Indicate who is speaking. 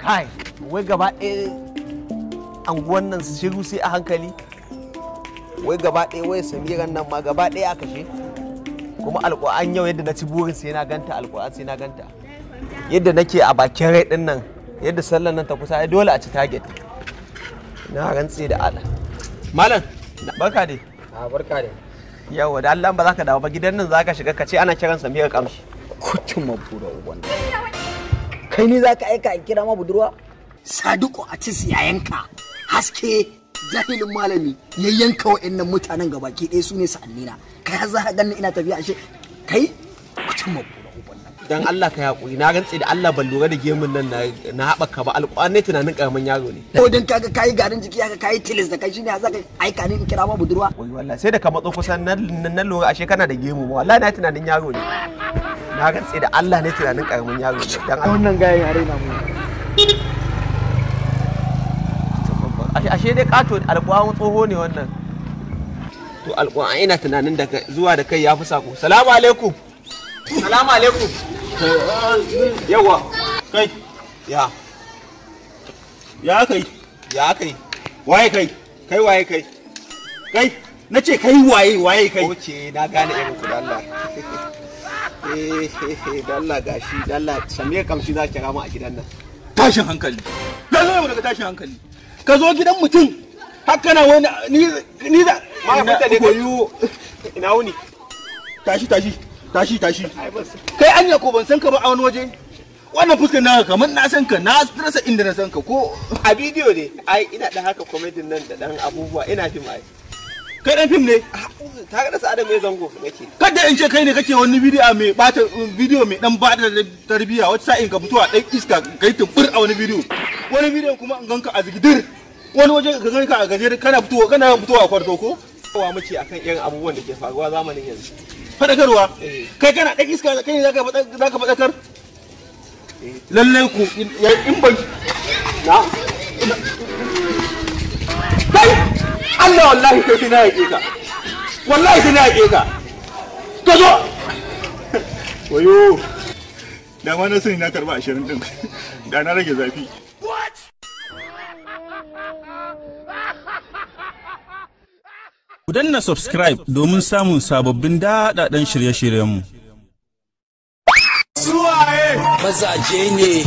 Speaker 1: kai wai gaba ɗaya anguwan nan shiru sai a hankali wai gaba ɗaya wai samiran nan ma gaba ɗaya a kashe kuma alƙur'an yau yadda na ci burin sai na ganta alƙur'an sai na ganta yadda nake a bakin rai ɗin nan yadda sallan nan ta kusa dole a ci target na rantse da ala malam barka dai a ah, barka dai yawa da Allah ba za ka dawo ba gidan nan za ka shiga ka ce ana kiran samira kamshi kucin mabura uban kai ni za ka aika in kira ma budurwa sadiku a ci siyayenka haske jahilin malami ya yanka wa wa'annan mutanen gabaki ɗaya su ne sa'annina kai har za ka ganin ina tafiya ashe kai kucin mako dan Allah ka haƙuri na rantse da Allah ban lura da gemun nan na haɓaka ba ne tunanin ƙaramin yaro ne. Ko dan kaga kayi garin jiki haka kayi tilis da kai shine zaka aika ni in kira ma budurwa. Wai wallahi sai da ka matso kusan nan lura ashe kana da gemu ba wallahi na tunanin yaro ne. na rantse da Allah ne tunanin karamin yaro dan wannan gayan yare na mu ashe dai kato alƙawarin tsoho ne wannan to alƙawarin ina tunanin da zuwa da kai ya fi sako salamu alaikum salamu alaikum yawa kai ya ya kai ya kai waye kai kai waye kai kai na ce kai waye waye kai oke na gane irin ku Allah eh dalla gashi dalla samiya kamshi za ki rama a gidan nan tashin hankali lalle mu daga tashin hankali ka zo gidan mutum Hakka na wani ni ni da ma ka ne koyu ina wuni tashi tashi tashi tashi kai anya ko ban san ka ba a wani waje wannan fuskar naka kamar na san ka na rasa inda na san ka ko a bidiyo ne ai ina da haka comedy nan da dan abubuwa ina fim ai kai dan fim ne ta ga sa adam ya zango kake kada in ce kai ne kake wani bidiyo mai bata bidiyo mai dan bada tarbiya wata sa'in ka fito a dan iska kai tumbur a wani bidiyo wani bidiyon kuma an ganka a zigidir wani waje ka ganka a gajere kana fitowa kana fitowa a kwarto ko wa muke akan irin abubuwan da ke faruwa zamanin yanzu fadakarwa eh. kai kana dan iska kai ne zaka zaka fadakar eh. lallai ku in ban na Allah wallahi kai sai na yake ka wallahi sai na yake ka zo wayo da ma na sani na karba 20 din da na rage zafi Ku danna subscribe domin samun sababbin daɗaɗɗen shirye-shiryenmu. Suwaye! Eh. Mazaje ne!